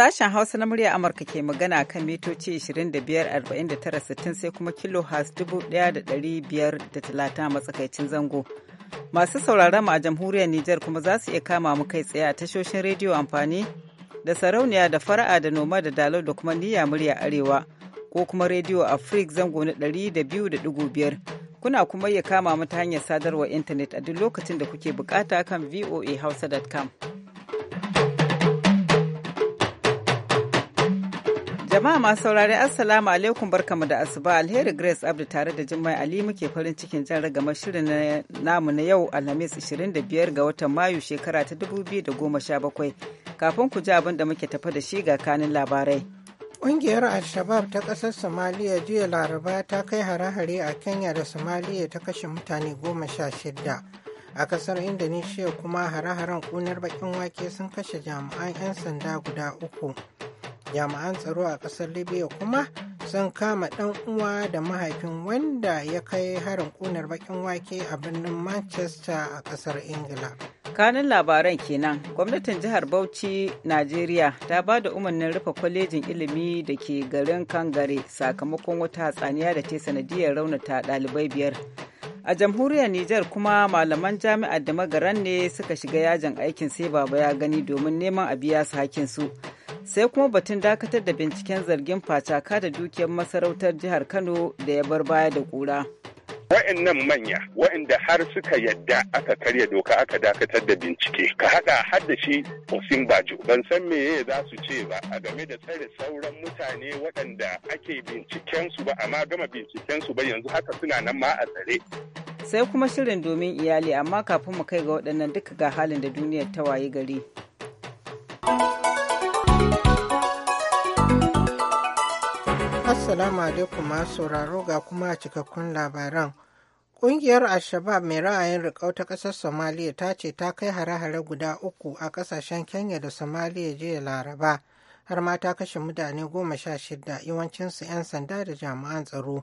Sashen Hausa na murya Amurka ke magana kan mitoci 25,49,60 sai kuma kilohas 1,530 matsakaicin zango. Masu sauraron mu a jamhuriyar Nijar kuma za su iya kama mu kai tsaye a tashoshin rediyo amfani da sarauniya da fara'a da noma da dalo da kuma niyya murya arewa ko kuma rediyo Afrik zango na 200.5 kuna kuma iya kama mu ta hanyar sadarwar intanet a duk lokacin da kuke bukata kan voahausa.com. Jama'a masu saurari Assalamu alaikum barkamu da asuba alheri Grace Abdu tare da Jummai Ali muke farin cikin jan ragamar shirin na namu na yau Alhamis 25 ga watan Mayu shekara ta 2017. Kafin ku ji abin da muke tafa da shi ga kanin labarai. Ƙungiyar Al-Shabaab ta ƙasar Somalia jiya Laraba ta kai hare-hare a Kenya da Somalia ta kashe mutane goma sha shida A ƙasar Indonesia kuma hare-haren ƙunar bakin wake sun kashe jami'an 'yan sanda guda uku. jami'an tsaro a ƙasar libya kuma sun kama ɗan uwa da mahaifin wanda ya kai harin ƙunar bakin wake a birnin manchester a ƙasar ingila kanin labaran kenan gwamnatin jihar bauchi najeriya ta ba da umarnin rufe kwalejin ilimi da ke garin kangare sakamakon wata hatsaniya da ta sanadiyar raunata dalibai biyar a jamhuriyar Nijar kuma malaman jami'ar da magaran ne suka shiga yajin aikin sai baba ya gani domin neman a biya su hakin su sai kuma batun dakatar da binciken zargin Fataka da dukiyar masarautar jihar kano da ya bar baya da kura wa'annan manya wa'anda har suka yadda aka karya doka aka dakatar da bincike ka hada har da shi Osin Bajo ban san meye za su ce ba a game da tsare sauran mutane waɗanda ake bincikensu ba amma gama bincikensu su ba yanzu haka suna nan ma a tsare sai kuma shirin domin iyali amma kafin mu kai ga waɗannan duka ga halin da duniyar ta waye gari. Assalamu alaikum masu sauraro ga kuma cikakkun labaran. Ƙungiyar Ashabab mai ra'ayin rikau ta ƙasar Somalia ta ce ta kai hare-hare guda uku a ƙasashen Kenya da Somalia jiya Laraba, har ma ta kashe mutane goma sha shida yawancinsu 'yan sanda da jami'an tsaro.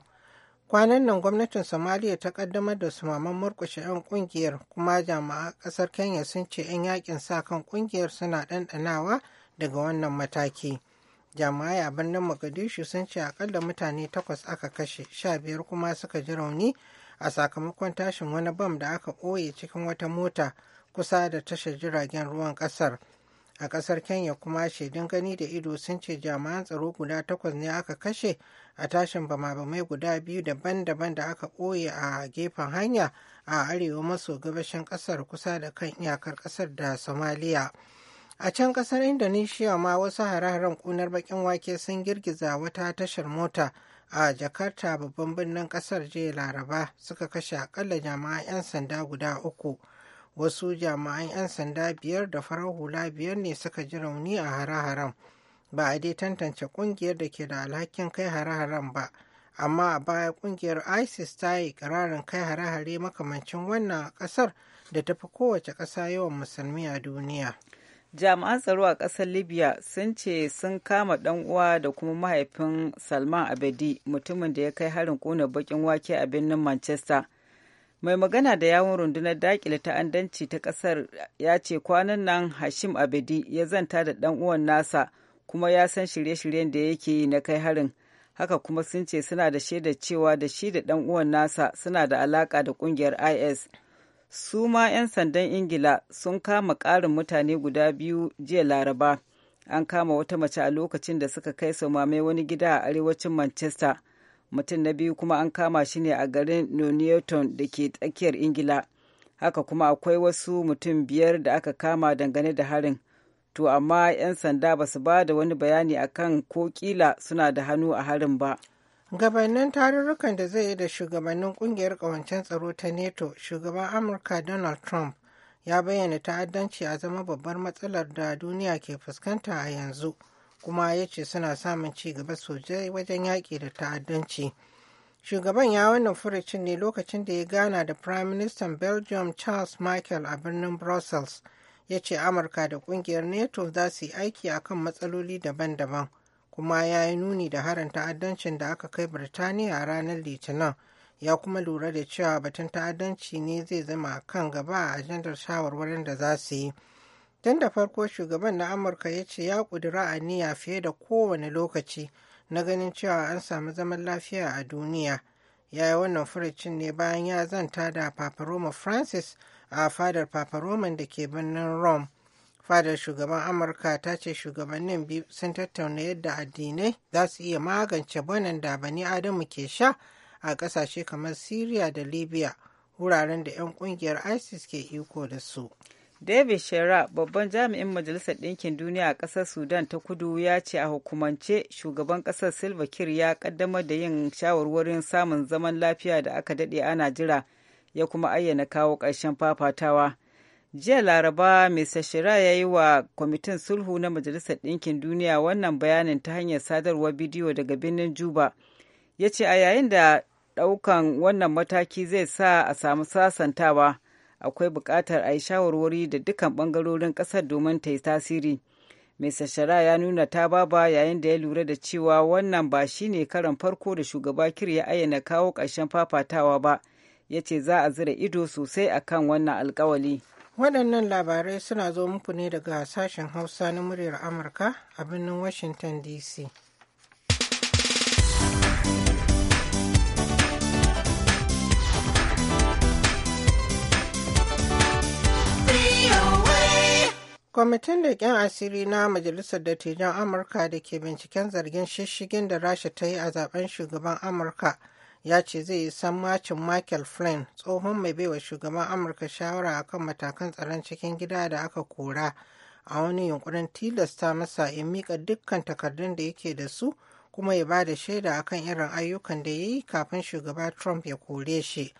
Kwanan nan gwamnatin Somalia ta ƙaddamar da sumaman murƙushe 'yan ƙungiyar kuma jama'a ƙasar Kenya sun ce 'yan yakin sa kan ƙungiyar suna ɗanɗanawa daga wannan mataki. jama'ai a birnin mogadishu sun ce akalla mutane takwas aka kashe sha biyar kuma suka ji rauni a sakamakon tashin wani bam da aka ɓoye cikin wata mota kusa da tashar jiragen ruwan ƙasar a ƙasar kenya kuma shaidun gani da ido sun ce jami'an tsaro guda takwas ne aka kashe a tashin bama-bamai guda biyu daban-daban da aka ɓoye a gefen hanya a arewa maso gabashin ƙasar kusa da kan iyakar ƙasar da somaliya. A can kasar Indonesia ma wasu hare-haren kunar bakin wake sun girgiza wata tashar mota a Jakarta babban birnin kasar jiya Laraba suka kashe akalla jama'an 'yan sanda guda uku. Wasu jama'an 'yan sanda biyar da farar hula biyar ne suka ji rauni a hare-haren. Ba a dai tantance kungiyar da ke da alhakin kai hare-haren ba, amma a baya kungiyar ISIS ta yi kararin kai hare-hare makamancin wannan kasar da tafi kowace ƙasa yawan musulmi a duniya. jami'an tsaro a ƙasar libya sun ce sun kama ɗan uwa da kuma mahaifin salman abedi mutumin da ya kai harin kona bakin wake a birnin manchester mai magana da yawon rundunar dakile ta'addanci ta ƙasar ya ce kwanan nan hashim abedi ya zanta da ɗan uwan nasa kuma ya san shirye-shiryen da yake yi na kai harin haka kuma sun ce suna da shaidar cewa da shi da ɗan uwan nasa suna da alaƙa da ƙungiyar is su ma 'yan sandan ingila sun kama ƙarin mutane guda biyu jiya laraba an kama wata mace a lokacin da suka kai samame wani gida a arewacin manchester mutum na biyu kuma an kama shi ne a garin newton da ke tsakiyar ingila haka kuma akwai wasu mutum biyar da aka kama dangane da harin to amma 'yan sanda ba su ba da wani bayani akan ko kila suna da hannu a harin ba gabanin tarurrukan da zai yi da shugabannin kungiyar kawancen tsaro ta neto shugaban amurka donald trump ya bayyana ta'addanci a zama babbar matsalar da duniya ke fuskanta a yanzu kuma ya ce suna samun ci gaba sosai wajen yaƙi da ta'addanci shugaban ya wannan furucin ne lokacin da ya gana da prime minister belgium charles michael a birnin brussels ya ce amurka da kungiyar neto za su yi aiki akan matsaloli daban-daban kuma ya yi nuni da harin ta'addancin da aka kai birtaniya a ranar litinin ya kuma lura da cewa batun ta'addanci ne zai zama kan gaba a ajandar shawarwarin da za su yi tun da farko shugaban na amurka ya ce ya ƙudura aniya fiye da kowane lokaci na ganin cewa an samu zaman lafiya a duniya ya yi wannan furucin ne bayan ya zanta da paparoma francis a fadar paparoman da ke birnin rome fadar shugaban amurka ta ce shugabannin biyu sun tattauna yadda addinai za su iya magance banan da bani adamu ke sha a kasashe kamar syria da libya wuraren da 'yan kungiyar isis ke iko da su david shera babban jami'in majalisar ɗinkin duniya a ƙasar sudan ta kudu ya ce a hukumance shugaban ƙasar silva kir ya ƙaddamar da yin shawarwarin samun zaman lafiya da aka daɗe ana jira ya kuma ayyana kawo ƙarshen fafatawa jiya laraba mista shira ya yi wa kwamitin sulhu na majalisar ɗinkin duniya wannan bayanin ta hanyar sadarwar bidiyo daga birnin juba ya ce a yayin da ɗaukan wannan mataki zai sa a samu sasantawa akwai buƙatar a yi shawarwari da dukkan ɓangarorin ƙasar domin ta yi tasiri mai sashara ya nuna ta baba yayin da ya lura da cewa wannan ba shine ne karan farko da shugaba kir ya ayyana kawo ƙarshen fafatawa ba ya ce za a zira ido sosai akan wannan alkawali. waɗannan labarai suna zo muku ne daga sashen hausa na muryar amurka a birnin washington dc kwamitin da ƙin asiri na majalisar dattijan amurka da ke binciken zargin shishigin da rasha ta yi a zaben shugaban amurka ya ce zai yi sammacin michael flynn tsohon mai baiwa shugaban amurka shawara akan matakan tsaron cikin gida da aka kora a wani yunkurin tilasta masa ya mika dukkan takardun da yake da su kuma ya ba da shaida kan irin ayyukan da ya yi kafin shugaba trump ya kore shi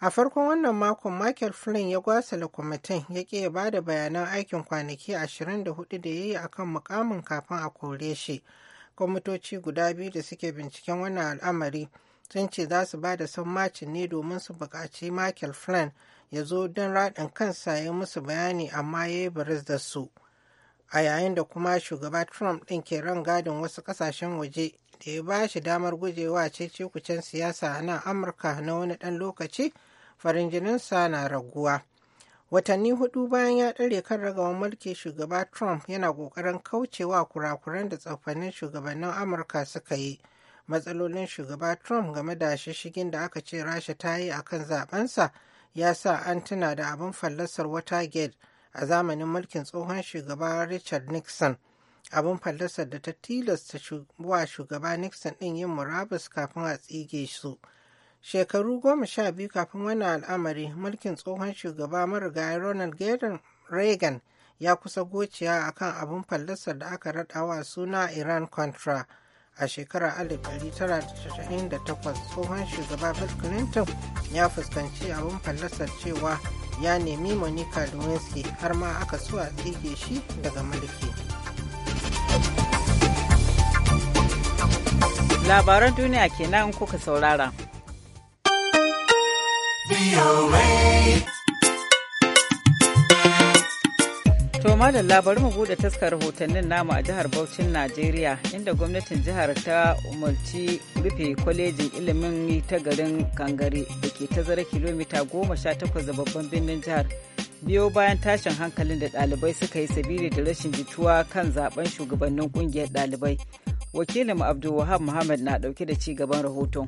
a farkon wannan makon michael flynn ya gwasala kwamitin ya ke ba da bayanan aikin kwanaki 24 da ya yi akan mukamin kafin a kore shi kwamitoci guda biyu da suke binciken wannan al'amari sun ce za su ba da sammacin ne domin su buƙaci michael flynn ya zo don raɗin kansa ya musu bayani amma ya yi baris da su a yayin da kuma shugaba trump ɗin ke ran gadin wasu ƙasashen waje da ya ba shi damar gujewa cecekucen siyasa a nan amurka na wani ɗan lokaci farinjininsa na raguwa watanni hudu bayan ya ɗare kan ragawan mulki shugaba trump yana ƙoƙarin kaucewa kurakuran da tsofaffin shugabannin amurka suka yi matsalolin shugaba trump game da shishigin da aka ce rasha ta yi a kan zabensa ya sa an tuna da abin fallasar watergate a zamanin mulkin tsohon shugaba richard nixon abin fallasar da ta tilasta wa shugaba nixon ɗin yin murabus kafin a tsige su shekaru goma sha biyu kafin wani al'amari mulkin tsohon shugaba marigayi ronald reagan ya kusa gociya akan abin fallasar da aka raɗawa suna iran contra a shekarar 1998 tsohon shugaba bill clinton ya fuskanci abin fallasar cewa ya nemi monica lewinsky har ma aka so a tsige shi daga mulki labaran duniya kenan kuka saurara. To madalla bari mu bude taskar rahotannin namu a jihar Bauchin Najeriya inda gwamnatin jihar ta umarci rufe kwalejin ilimin ta garin Kangare da ke tazara kilomita goma sha takwas da babban birnin jihar. Biyo bayan tashin hankalin da ɗalibai suka yi sabili da rashin jituwa kan zaben shugabannin ƙungiyar ɗalibai. Wakilinmu Abdul Wahab Muhammad na ɗauke da ci gaban rahoton.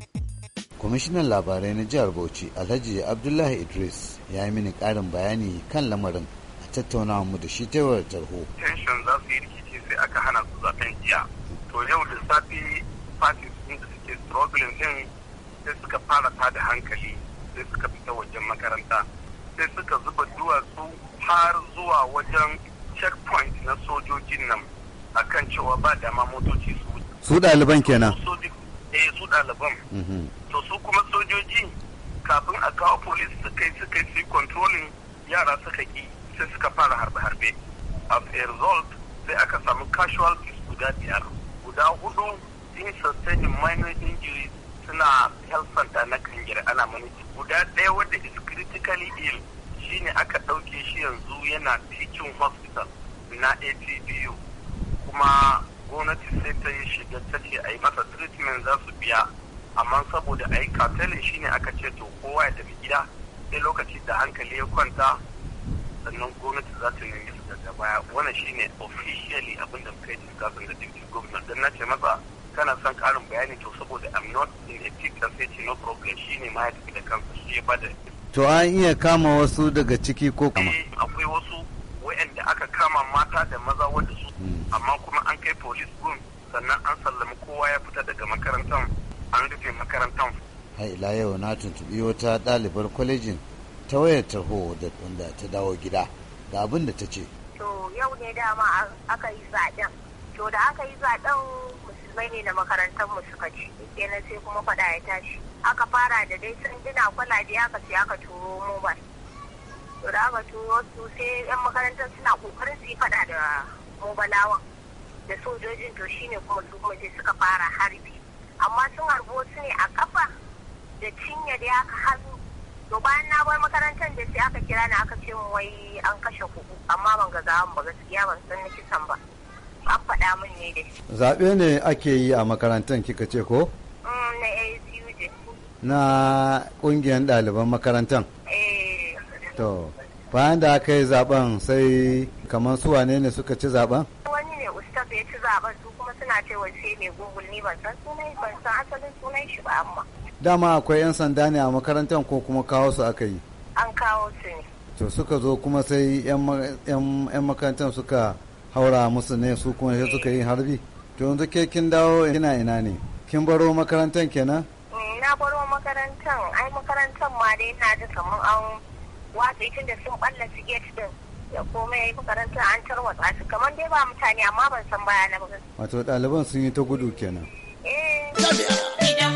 kwamishinan labarai na jihar bauchi alhaji abdullahi idris ya yi mini karin bayani kan lamarin tattaunawa mu da shi ta yawar tarho. Tension za su yi rikici sai aka hana su zaben jiya. To yau lissafi fati sun da suke struggling din sai suka fara da hankali sai suka fita wajen makaranta sai suka zuba duwatsu har zuwa wajen checkpoint na sojojin nan akan cewa ba dama motoci su su ɗaliban kenan eh su ɗaliban mhm. to su kuma sojoji kafin a kawo police suka yi suka yi controlling yara suka ki sai suka fara harbe-harbe as a result sai aka samu casualties guda biyar guda hudu sun sustain minor injuries suna health center na kangir ana mani guda ɗaya wanda is critically ill shine aka ɗauke shi yanzu yana teaching hospital na atbu kuma gwamnati sai ta yi shiga ta ce a yi masa treatment za su biya amma saboda a yi shine aka ce to kowa ya tafi gida sai lokaci da hankali ya kwanta sannan gwamnati za ta yi daga baya wannan ne officially abinda da muka yi discussing da deputy governor dan na ce masa kana son karin bayani to saboda I'm not in a big sai ce no problem ne ma ya tafi da kansa shi ya bada to an iya kama wasu daga ciki ko kama eh, akwai wasu wayanda aka kama mata da maza wanda su hmm. amma kuma an kai police room sannan an sallami kowa ya fita daga makarantar an rufe makarantar a ila yau na tuntubi wata ɗalibar kwalejin ta wayar tarho da wanda ta dawo gida ga abin da ta ce. To yau ne dama aka yi zaɗen. To da aka yi zaɓen, musulmai ne na makarantar mu suka ci. Kenan sai kuma faɗa ya tashi. Aka fara da dai sanduna kwalabe aka sai aka turo mobile. To da aka turo su sai 'yan makarantar suna ƙoƙarin su yi faɗa da mobalawan. Da sojojin to shine kuma su kuma suka fara harbi. Amma sun harbo su ne a kafa da cinya da aka hannu to bayan na bar makarantar da sai aka kira ni aka ce wai an kashe kuku amma ban ga zawon ba gaskiya ban san na kisan ba an faɗa min ne da shi zaɓe ne ake yi a makarantar kika ce ko mm, na ACUJ na ƙungiyar ɗaliban makarantar eh. to bayan da aka yi zaben sai kamar su wane ne suka ci zaben wani ne ustaz ya ci zaben su kuma suna cewa sai mai google ni ban san sunai ban san asalin sunan shi ba amma dama akwai 'yan sanda ne a makarantar ko kuma kawo su aka yi an kawo su ne to suka zo kuma sai 'yan makarantar suka haura musu ne su kuma sai suka yi harbi to yanzu ke kin dawo ina ina ne kin baro makarantar kenan eh, na baro makarantar ai makarantar ma dai na ji kamar an wata tun da sun balla su gate din ya koma ya yi makarantar an tarwatsa shi kamar dai ba mutane amma ban san baya na ba wato ɗaliban sun yi ta gudu kenan eh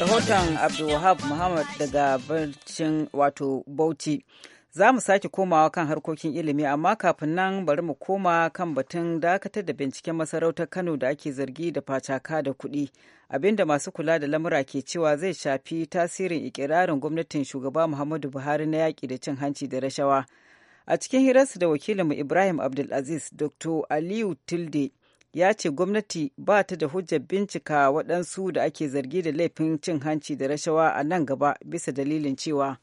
rahoton abdulwahab muhammad daga barcin wato bauchi za mu sake komawa kan harkokin ilimi amma kafin nan bari mu koma kan batun dakatar da binciken masarautar kano da ake zargi da facaka da kuɗi abinda masu kula da lamura ke cewa zai shafi tasirin ikirarin gwamnatin shugaba muhammadu buhari na yaƙi da cin hanci da rashawa a cikin hirarsu da wakilinmu ibrahim abdulaziz dr aliyu tilde ya ce gwamnati ba ta da hujjar bincika waɗansu da ake zargi da laifin cin hanci da rashawa a nan gaba bisa dalilin cewa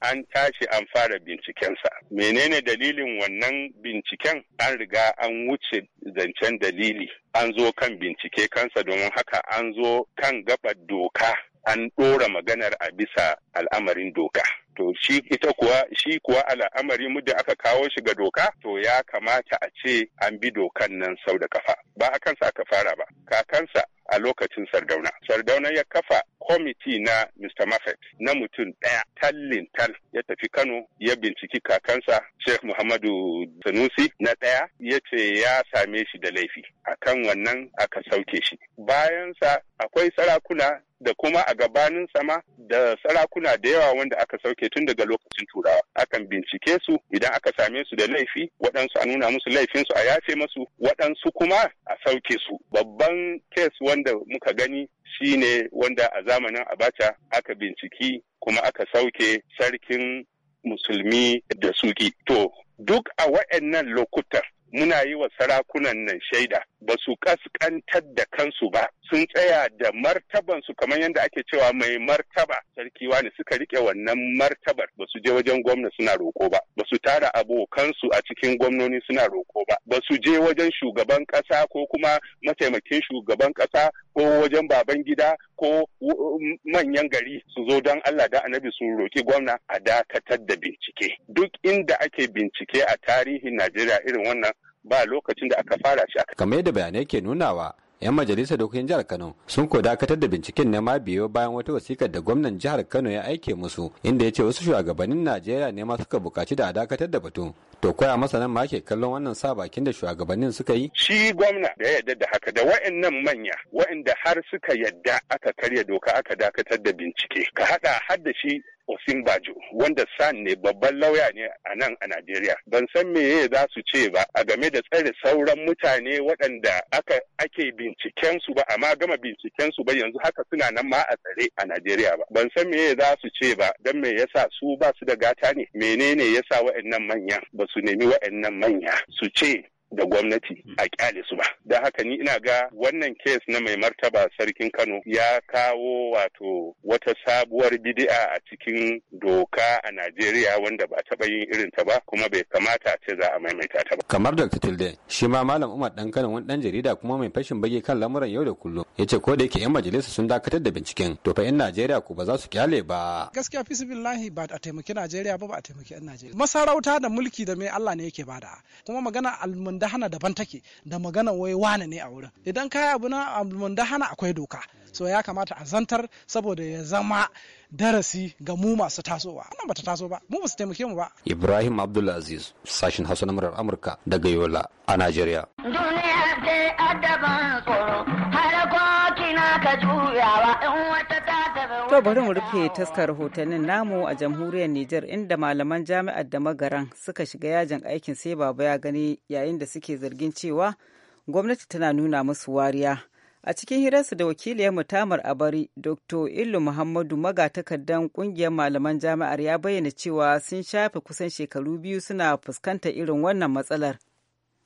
an tashi an fara bincikensa. Menene dalilin wannan binciken an riga an wuce zancen dalili an zo kan bincike kansa domin haka an zo kan gabar doka an ɗora maganar a bisa al'amarin doka. to shi ita kuwa shi kuwa al'amari muddin aka kawo shi ga doka to ya kamata a ce an bi dokan nan sau da kafa ba a kansa aka fara ba kakansa a lokacin sardauna sardauna ya kafa kwamiti na mr mafet na mutum ɗaya tallin tal ya tafi kano ya binciki kakansa sheikh muhammadu sanusi na ɗaya ya ce ya same shi da laifi A kan wannan aka sauke shi bayansa akwai sarakuna da kuma a gabanin sama da sarakuna da yawa wanda aka sauke ke tun daga lokacin turawa akan bincike su idan aka same su da laifi waɗansu a nuna musu laifinsu a yafe masu waɗansu kuma a sauke su babban kes wanda muka gani shine wanda a zamanin abacha aka binciki kuma aka sauke sarkin musulmi da suki to duk a waɗannan lokutan muna yi wa sarakunan nan shaida ba su kaskantar da kansu ba sun tsaya da martabansu kamar yadda ake cewa mai martaba sarki wani suka rike wannan martabar ba su je wajen gwamna suna roko ba ba su tara abokansu a cikin gwamnoni suna roko ba ba su je wajen shugaban kasa ko kuma mataimakin shugaban kasa ko wajen baban gida ko manyan gari su zo don Allah da annabi su roki gwamna a dakatar da bincike duk inda ake bincike a tarihin Najeriya irin wannan ba lokacin da aka fara shi aka kamar yadda bayanai ke nunawa 'yan majalisar dokokin jihar kano sun ko dakatar da binciken na ma biyo bayan wata wasikar da gwamnan jihar kano ya aike musu inda ya ce wasu shugabannin najeriya ne ma suka buƙaci da dakatar da batun to koya masanan ma ke kallon wannan sa bakin da shugabannin suka yi shi gwamna da ya yarda da haka da wa'annan manya wa'anda har suka yadda aka karya doka aka dakatar da bincike ka hada har da shi Osinbajo wanda san ne babban lauya ne a nan a Najeriya. Ban san meye za su ce ba a game da tsare sauran mutane waɗanda ake binciken su ba amma gama binciken su ba yanzu haka suna nan ma a tsare a Najeriya ba. Ban san meye za su ce ba don me yasa su ba su da gata ne menene yasa waɗannan manya ba su nemi waɗannan manya su ce da gwamnati hmm. a kyale su ba. Da haka ni ina ga wannan kes na mai martaba sarkin Kano ya kawo wato wata sabuwar bidi'a a cikin doka a Najeriya wanda ba taɓa yin irin ta ba kuma bai kamata a ce za a maimaita ta ba. Kamar Dr. Tilde, shi ma Malam Umar Dan Kano wani dan jarida kuma mai fashin bage kan lamuran yau da kullum ya ce ko da yake 'yan majalisa sun dakatar da binciken to fa 'yan Najeriya ko ba za su kyale ba. Gaskiya fi ba a taimaki Najeriya ba ba a taimaki 'yan Najeriya. Masarauta da mulki da mai Allah ne yake bada. Kuma magana al dahana daban take da magana wai wane ne a wurin idan kayi abu na almundahana akwai doka so ya kamata a zantar saboda ya zama darasi ga mu masu tasowa wannan bata taso ba mu basu taimake mu ba Ibrahim Abdulaziz sashin Hausa na Amurka daga Yola a Najeriya duniya ce adaban To bari mu rufe taskar rahotannin namu a jamhuriyar Nijar inda malaman jami'ar da magaran suka shiga yajin aikin sai baba ya gani yayin da suke zargin cewa gwamnati tana nuna musu wariya. A cikin hirarsu da wakiliyar mutamar a bari Dr. Illu Muhammadu maga magatakardan kungiyar malaman jami'ar ya bayyana cewa sun shafe kusan shekaru biyu suna fuskantar irin wannan matsalar.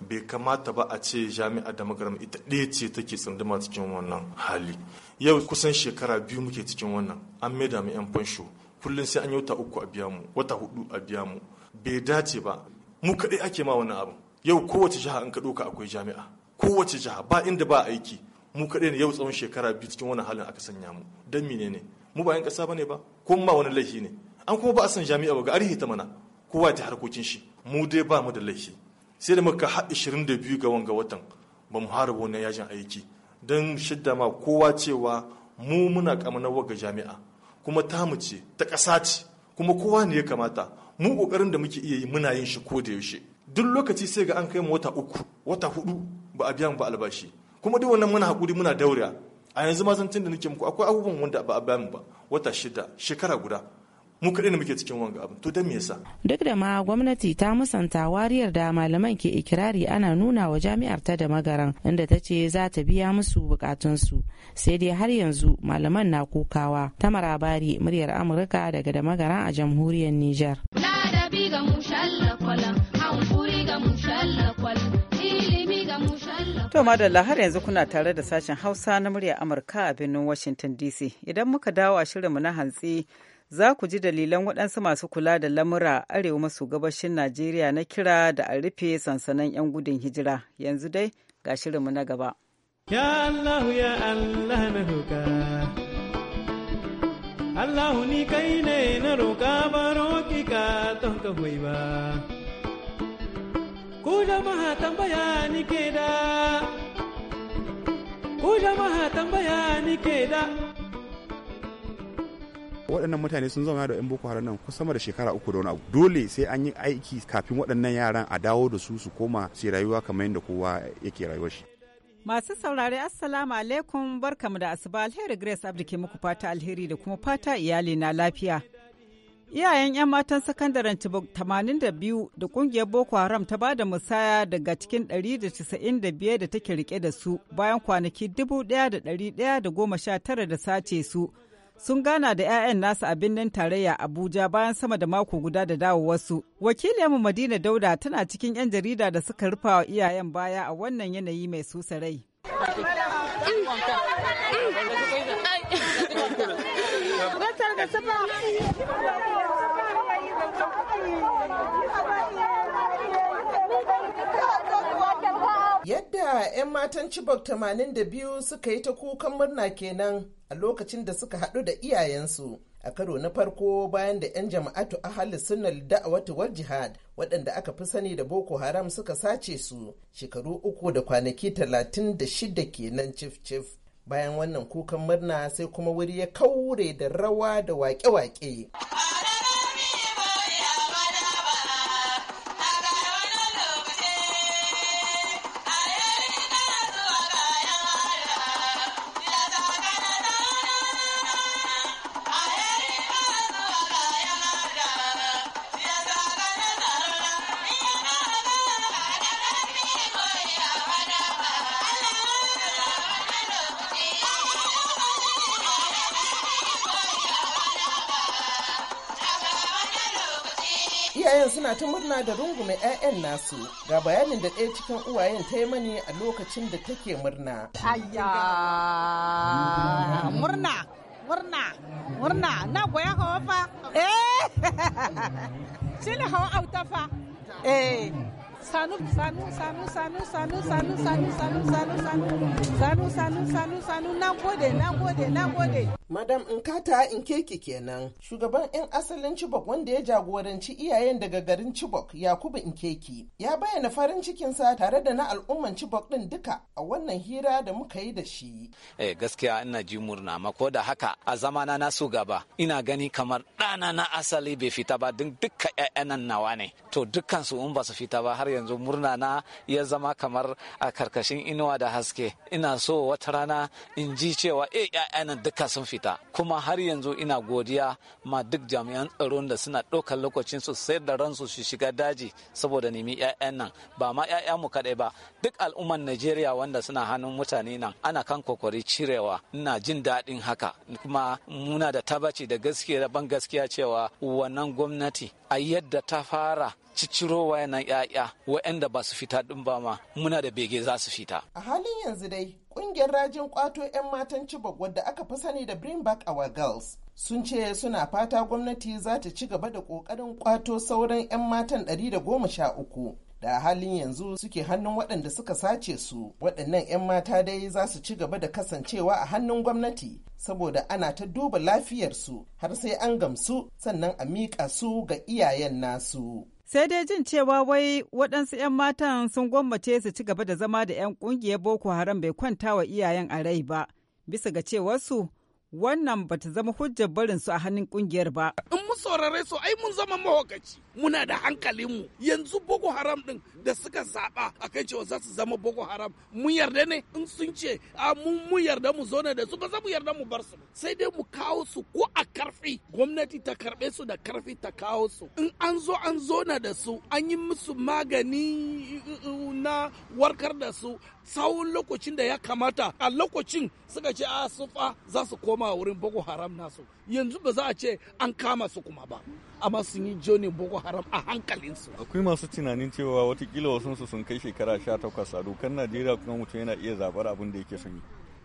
bai kamata ba a ce jami'a da magaram ita ɗaya ce take tsunduma cikin wannan hali yau kusan shekara biyu muke cikin wannan an maida mu yan fansho kullum sai an yi wata uku a biya mu wata hudu a biya bai dace ba mu kaɗai ake ma wani abu. yau kowace jiha an ka ɗauka akwai jami'a kowace jiha ba inda ba aiki mu kaɗai ne yau tsawon shekara biyu cikin wannan halin aka sanya mu don mine ne mu ba 'yan ƙasa ba ne ba ko ma wani laifi ne an kuma ba a san jami'a ba ga arihi ta mana kowa ta harkokin shi mu dai ba mu da laifi sai da muka da 22 ga wanga watan ba mu harba wani yajin aiki don shidda ma kowa cewa mu muna kamanar waga jami'a kuma tamu ce ta ƙasa ce kuma kowa ne ya kamata mu ƙoƙarin da muke iya yi muna yin shi ko da yaushe duk lokaci sai ga an kai mu wata uku wata hudu ba a biya mu ba albashi kuma duk wannan muna hakuri muna daura a yanzu ma zan da nake muku akwai abubuwan wanda ba a biya mu ba wata shida shekara guda mu kaɗai ne muke cikin wanga abin to dan me yasa duk da ma gwamnati ta musanta wariyar da malaman ke ikirari ana nuna wa jami'ar ta da magaran inda ta ce za ta biya musu bukatunsu sai dai har yanzu malaman na kokawa ta marabari muryar amurka daga da magaran a jamhuriyar niger To madalla har yanzu kuna tare da sashen Hausa na murya Amurka a birnin Washington DC. Idan muka dawo a shirinmu na hantsi za ku ji dalilan waɗansu masu kula da lamura arewa maso gabashin Najeriya na kira da a rufe sansanin 'yan gudun hijira. Yanzu dai ga shirinmu na gaba. Ya Allah ya Allah na roƙa. Allah ni kai ne na roƙa ba roƙi ka ton ka ba. Ku jama'a tambaya ni ke da. Ku jama'a tambaya ni ke da. waɗannan mutane sun zauna da 'yan boko haram nan kusa da shekara uku da wani abu dole sai an yi aiki kafin waɗannan yaran a dawo da su su koma su rayuwa kamar yadda kowa yake rayuwar shi Masu saurare Assalamu alaikum barkamu da asuba alheri Grace Abdi ke muku fata alheri da kuma fata iyali na lafiya. Iyayen 'yan matan sakandaren 82 da kungiyar Boko Haram ta ba da musaya daga cikin 195 da take rike da su bayan kwanaki 1119 da sace su sun gana da 'ya'yan nasu a birnin tarayya Abuja bayan sama da mako guda da dawowarsu. Wakiliyarmu Madina Dauda tana cikin 'yan jarida da suka rufa wa iyayen baya a wannan yanayi mai susa rai. yadda 'yan matan Chibok 82 suka yi ta kukan murna kenan a lokacin da suka haɗu da iyayensu. a karo na farko bayan da 'yan jama'atu a halin sunnal da'awatu war jihad waɗanda aka fi sani da boko haram suka sace su shekaru uku da kwanaki talatin da shida kenan cif cif bayan wannan kukan murna sai kuma wuri ya kaure da rawa da wake-wake. iyayen suna ta murna da rungume 'ya'yan nasu ga bayanin da ɗaya cikin uwayen ta yi mani a lokacin da take murna Aya! murna murna murna na goya hawa fa eh auta fa eh sanu sanu sanu sanu sanu sanu sanu sanu sanu sanu sanu sanu sanu sanu na gode na gode na gode Madam Nkata keke kenan, shugaban 'yan asalin Chibok wanda ya jagoranci iyayen daga garin Chibok, Yakubu in keke ya bayyana farin cikinsa tare da na al'umman Chibok ɗin duka a wannan hira da muka yi da shi. Eh gaskiya ina ji murna ma ko da haka a zamana na su gaba ina gani kamar ɗana na asali bai fita ba don duka 'ya'yan nawa ne. To dukkan su in ba su fita ba har yanzu murna na ya zama kamar a karkashin inuwa da haske. Ina so wata rana in ji cewa eh 'ya'yan duka sun fita. fita kuma har yanzu ina godiya ma duk jami'an tsaron da suna ɗaukar lokacin su sayar da ransu su shiga daji saboda nemi 'ya'yan nan ba ma 'ya'ya mu kaɗai ba duk al'umman najeriya wanda suna hannun mutane nan ana kan kokari cirewa ina jin daɗin haka kuma muna da tabbaci da gaskiya ban gaskiya cewa wannan gwamnati a yadda ta fara ciccirowa yana ƴaƴa waɗanda ba su fita ɗin ba ma muna da bege za su fita. A halin yanzu dai ƙungiyar rajin ƙwato 'yan matan Chibok wadda aka fi sani da Bring Back Our Girls sun ce suna fata gwamnati za ta ci gaba da ƙoƙarin ƙwato sauran 'yan matan 113. da goma sha uku, da halin yanzu suke hannun waɗanda suka sace su waɗannan 'yan mata dai za su ci gaba da kasancewa a hannun gwamnati saboda ana ta duba lafiyarsu har sai an gamsu sannan a miƙa su ga iyayen nasu. sai dai jin cewa wai waɗansu 'yan matan sun gwammace su ci gaba da zama da 'yan ƙungiyar boko haram bai kwanta wa iyayen a rai ba bisa ga cewarsu wannan bata zama hujjar barinsu a hannun ƙungiyar ba in saurare su ai mun zama mahaukaci muna da hankalin mu yanzu boko haram din da suka zaba akan cewa za su zama boko haram mun yarda ne in sun ce a mun mun yarda mu zo da su ba za mu yarda mu bar su sai dai mu kawo su ko a karfi gwamnati ta karbe su da karfi ta kawo su in an zo an zo na da su an yi musu magani uh, uh, na warkar da su tsawon lokacin da ya kamata a lokacin suka ce a sufa za su koma wurin boko haram nasu yanzu ba za a ce an kama su kuma ba amma sun yi joni boko haram a hankalinsu akwai masu tunanin cewa watakila wasu sun kai shekara 18 a dokar najeriya kuma mutum yana iya zabar abin da yake son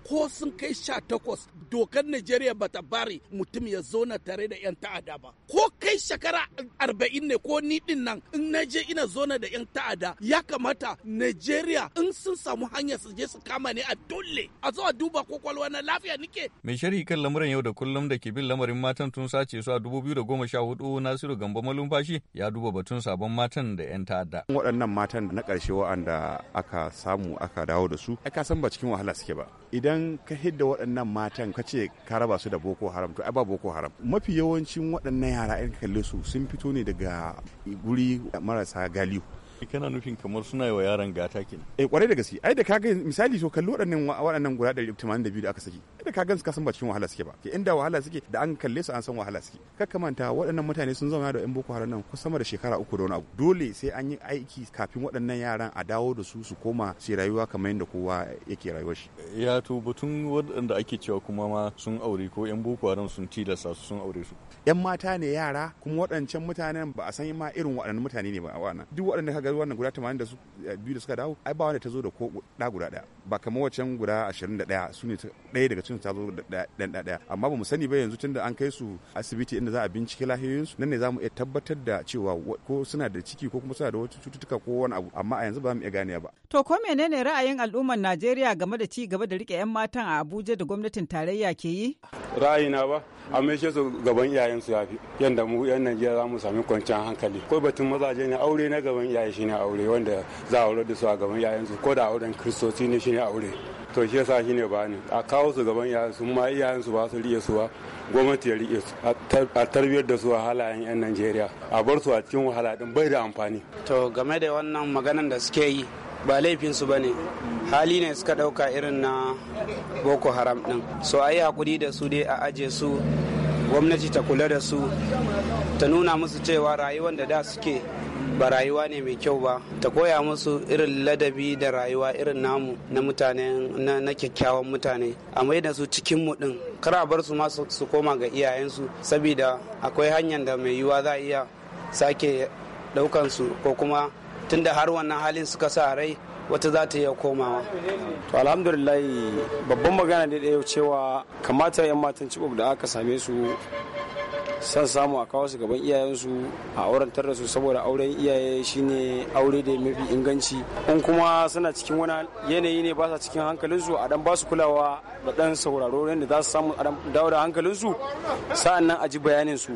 ko sun kai sha takwas dokar Najeriya ba ta bari mutum ya zauna tare da 'yan ta'ada ba. Ko kai shekara arba'in ne ko ni din nan in na je ina zona da 'yan ta'ada ya kamata Najeriya in sun samu hanyar su je su kama ne a dole a zo a duba kwalwa na lafiya nike. Mai sharhi kan lamuran yau da kullum da ke bin lamarin matan tun sace su a hudu Nasiru Gambo Malumfashi ya duba batun sabon matan da 'yan ta'ada. Waɗannan matan na ƙarshe wa'anda aka samu aka dawo da su, aka san ba cikin wahala suke ba. Idan idan ka hidda waɗannan matan ka ce ka raba su da boko haram to ai ba boko haram mafi yawancin waɗannan yara in kalle su sun fito ne daga guri marasa galihu kana nufin kamar suna yi wa yaran gata kenan eh kwarai da gaske ai da kaga misali so, kallo waɗannan waɗannan guda 182 da aka saki da kaga suka san ba cikin wahala suke ba inda wahala suke da an kalle su an san wahala suke ka manta waɗannan mutane sun zauna da yan boko haram nan kusa da shekara uku da wani abu dole sai an yi aiki kafin waɗannan yaran a dawo da su su koma su rayuwa kamar yadda kowa yake rayuwar shi ya to batun waɗanda ake cewa kuma ma sun aure ko yan boko haram sun tilasta su sun aure su yan mata ne yara kuma waɗancan mutanen ba a san ma irin waɗannan mutane ne ba a duk waɗanda kaga yar wannan guda 82 eh, da suka dawo ai ba wanda ta zo da ko da guda daya ba kamar wacan guda 21 su ne daya daga cikin ta zo da dan daya amma ba mu sani ba yanzu tunda an kai su asibiti inda za a bincike lahiyoyinsu su nan ne mu iya tabbatar da cewa ko suna da ciki ko kuma suna da wata cututtuka ko wani abu amma a yanzu ba mu iya gane ba to ko menene ra'ayin al'ummar Najeriya game da ci gaba da rike 'yan matan a Abuja da gwamnatin tarayya ke yi ra'ayina ba a maishe su gaban iyayensu ya fi yadda mu yan najeriya za mu sami kwanciyar hankali ko batun mazaje ne aure na gaban iyaye shine aure wanda za a aure da su a gaban iyayensu ko da auren kristoci ne shine aure to shi yasa shine ba ne a kawo su gaban iyayensu ma iyayensu ba su riƙe su ba gwamnati ya riƙe su a tarbiyyar da su a halayen 'yan najeriya a bar su a cikin wahala din bai da amfani to game da wannan maganan da suke yi ba laifinsu ba ne hali ne suka ɗauka irin na boko haram ɗin so a yi hakuri da su dai a aje su gwamnati ta kula da su ta nuna musu cewa rayuwar da da suke ba rayuwa ne mai kyau ba ta koya musu irin ladabi da rayuwa irin namu na mutane na, kyakkyawan mutane a mai da su cikin mu din kar a bar su masu su koma ga iyayensu saboda akwai hanyar da mai yiwuwa za a iya sake daukansu su ko kuma tunda har wannan halin suka sa rai wata za ta iya komawa to alhamdulillah babban magana da yau cewa kamata 'yan matan cibok da aka same su san samu a kawo su gaban iyayensu a aurantar da su saboda auren iyaye shine aure da mafi inganci in kuma suna cikin wani yanayi ne ba sa cikin hankalinsu a dan ba su kulawa da dan sauraro da za su samu a dan dawo hankalinsu sa'an nan a ji bayanin su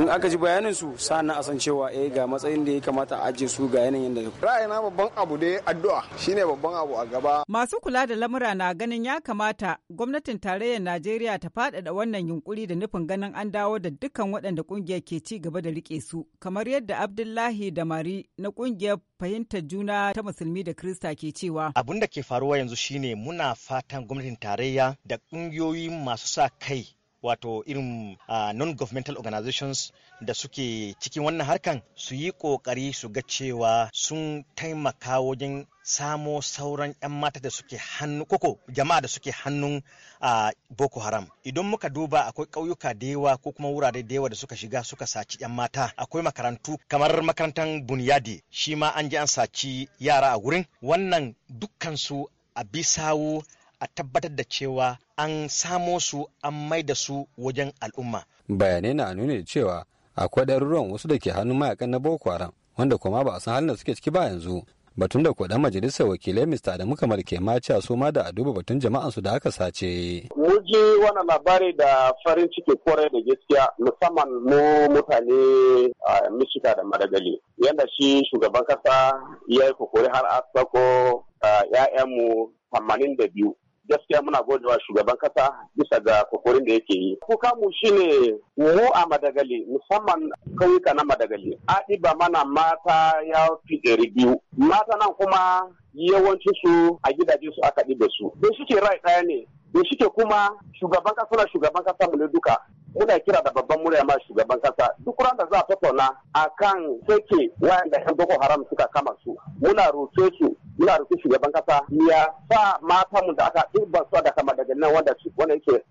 in aka ji bayanin su sa'an nan a san cewa eh ga matsayin da ya kamata a ajiye su ga yanayin da ra'ayina babban abu dai addu'a shine babban abu a gaba masu kula da lamura na ganin ya kamata gwamnatin tarayyar Najeriya ta faɗaɗa wannan yunkuri da nufin ganin an dawo da duk dukkan waɗanda ƙungiyar ke ci gaba da riƙe su, kamar yadda Abdullahi da Mari na ƙungiyar fahimtar juna ta musulmi da Krista ke cewa. Abin da ke faruwa yanzu shine muna fatan gwamnatin tarayya da ƙungiyoyi masu sa kai wato irin non-governmental organizations da suke cikin wannan harkan su yi kokari su ga cewa sun taimaka wajen samo sauran 'yan mata da suke hannu koko jama'a da suke hannun a boko haram idan muka duba akwai ƙauyuka da yawa ko kuma wurare da yawa da suka shiga suka saci 'yan mata akwai makarantu kamar makarantar bunyadi shi ma an ji an saci yara a wurin wannan dukkansu a bisawo a tabbatar da cewa an samo su an mai da su wajen al'umma. Bayanai na nuna cewa akwai ɗaruruwan wasu da ke hannun mayakan na Boko Haram wanda kuma ba a san halin da suke ciki ba yanzu. Batun da kuɗa majalisar wakilai mista Adamu Kamar ke ma cewa su da a duba batun su da aka sace. mu ji wannan labari da farin ciki kore da gaskiya musamman mu mutane a Michigan da Madagali. Yanda shi shugaban kasa ya yi kokori har a sako 'ya'yanmu 82 gaskiya muna godewa shugaban kasa bisa ga kokorin da yake yi. Kuka mu shine mu a Madagali musamman kauyuka na Madagali. Adiba mana mata ya fi ɗari biyu. Mata nan kuma yawancin su a gidaje su aka ɗibe su. Don suke rai ɗaya ne. Don suke kuma shugaban kasa na shugaban kasa mu ne duka. muna kira da babban murya ma shugaban kasa duk ran da za a tattauna akan sake da yan boko haram suka kama su muna roke su muna roƙi shugaban kasa ya sa mata mun da aka ɗirban su da kama daga nan wanda shi wanda yake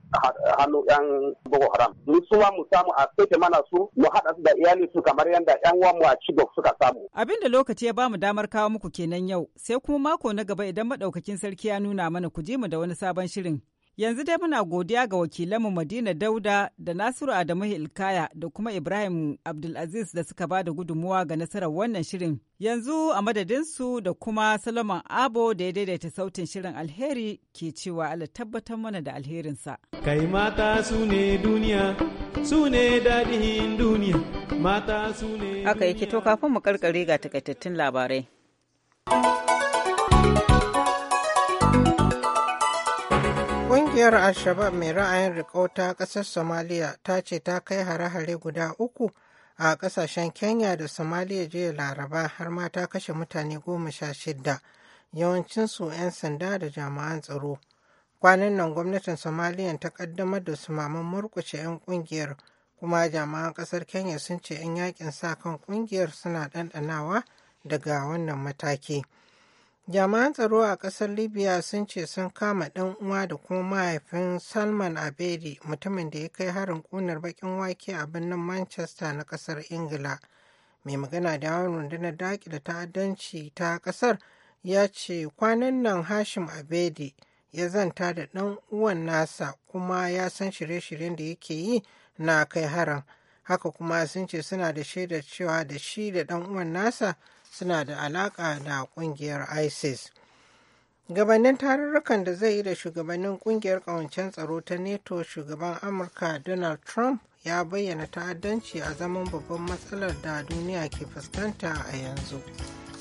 hannu yan boko haram mu suwa mu samu a saita mana su mu haɗa su da iyali su kamar yadda yan uwan mu a cigo suka samu abin da lokaci ya bamu damar kawo muku kenan yau sai kuma mako na gaba idan madaukakin sarki ya nuna mana ku je mu da wani sabon shirin Yanzu dai muna godiya ga wakilanmu Madina Dauda da Nasiru Adamu Ilkaya da kuma Ibrahim Abdulaziz da suka ba da gudunmuwa ga nasarar wannan shirin. Yanzu a madadinsu da kuma Solomon Abo da ya daidaita sautin shirin alheri ke cewa Allah tabbatar mana da alherinsa. Kai mata su ne duniya, su ne daɗin duniya, mata su ne Haka yake to kafin mu karkare ga takaitattun labarai. Ƙungiyar Al-Shabab mai ra'ayin riko ta ƙasar Somalia ta ce ta kai hare-hare guda uku a ƙasashen Kenya da Somalia jiya Laraba har ma ta kashe mutane goma sha shidda, yawancinsu 'yan sanda da jami'an tsaro. Kwanan nan gwamnatin Somalia ta ƙaddamar da su sumaman murkushe 'yan ƙungiyar kuma jama'an ƙasar Kenya sun ce 'yan yakin sa kan ƙungiyar suna ɗanɗanawa daga wannan mataki. jami'an tsaro a ƙasar libya sun ce sun kama ɗan uwa da kuma mahaifin salman abedi mutumin da ya kai harin ƙunar baƙin wake a birnin manchester na ƙasar ingila mai magana da yawon rundunar daƙi da ta'addanci ta ƙasar ya ce kwanan nan hashim abedi ya zanta da ɗan uwan nasa kuma ya san shirye-shiryen da yake yi na kai harin haka kuma sun ce suna da shaidar cewa da shi da ɗan uwan nasa suna da alaƙa da ƙungiyar isis gabanin tarurrukan da zai yi da shugabannin ƙungiyar ƙawancen tsaro ta neto shugaban amurka donald trump ya bayyana ta'addanci a zaman babban matsalar da duniya ke fuskanta a yanzu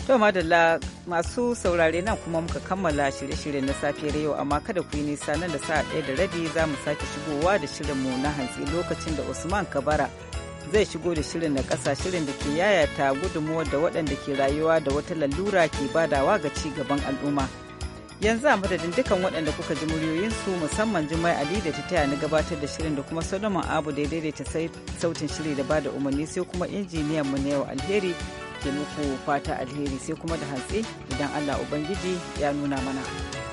To madalla masu saurare nan kuma muka kammala shirye shirye na safiyar yau amma kada ku yi nisa nan da sa'a ɗaya da rabi za mu sake shigowa da shirinmu na hantsi lokacin da Usman Kabara zai shigo da shirin na ƙasa shirin da ke yayata gudunmuwa da waɗanda ke rayuwa da wata lalura ke badawa ga ci gaban al'umma. Yanzu a madadin dukkan waɗanda kuka ji muryoyinsu musamman jima'i Ali da ta taya ni gabatar da shirin da kuma Solomon Abu da ya daidaita sautin shiri da bada umarni sai kuma injiniyan mu na yau alheri ke muku fata alheri sai kuma da hantsi idan Allah Ubangiji ya nuna mana.